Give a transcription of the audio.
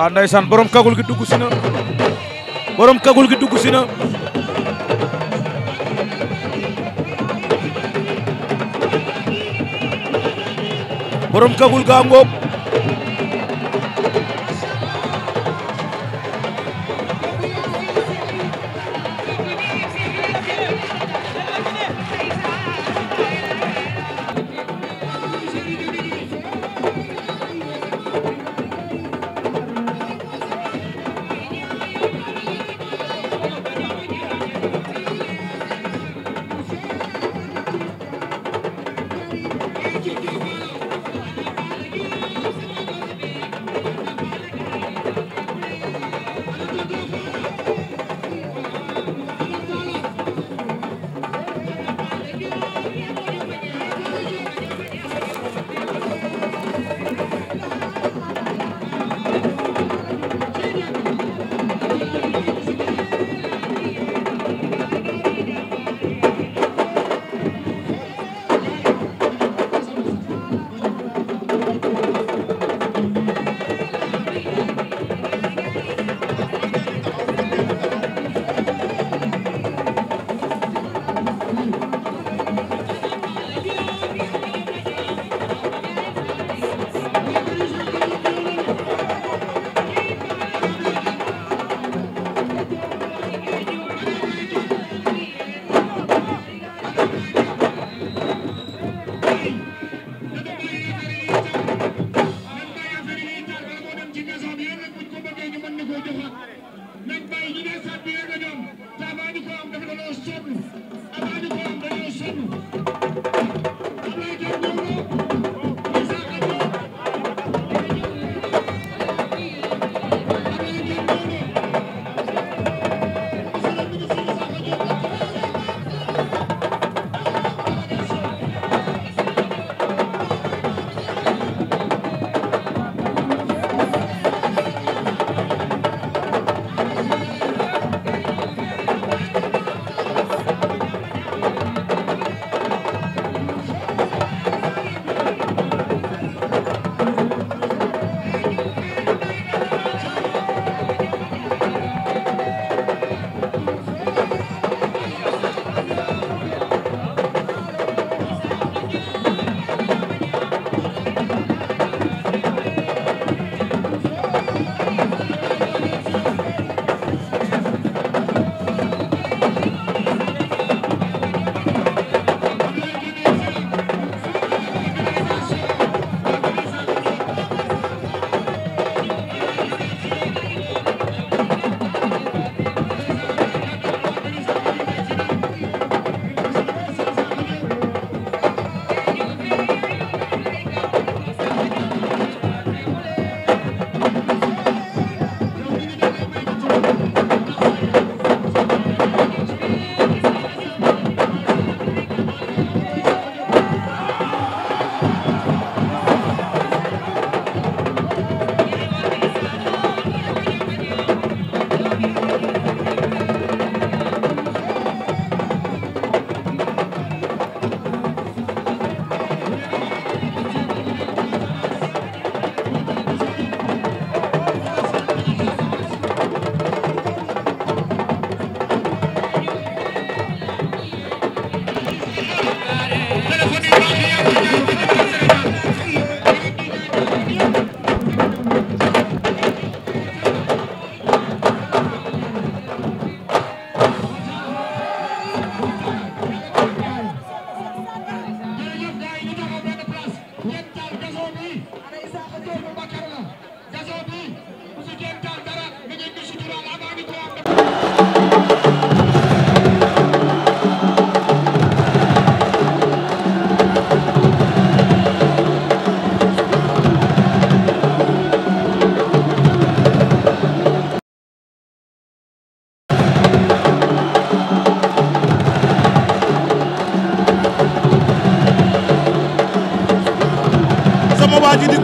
waa ndeysaan borom kagul gi dugg si na borom kagul gi dugg si na borom kagul gaa ngóob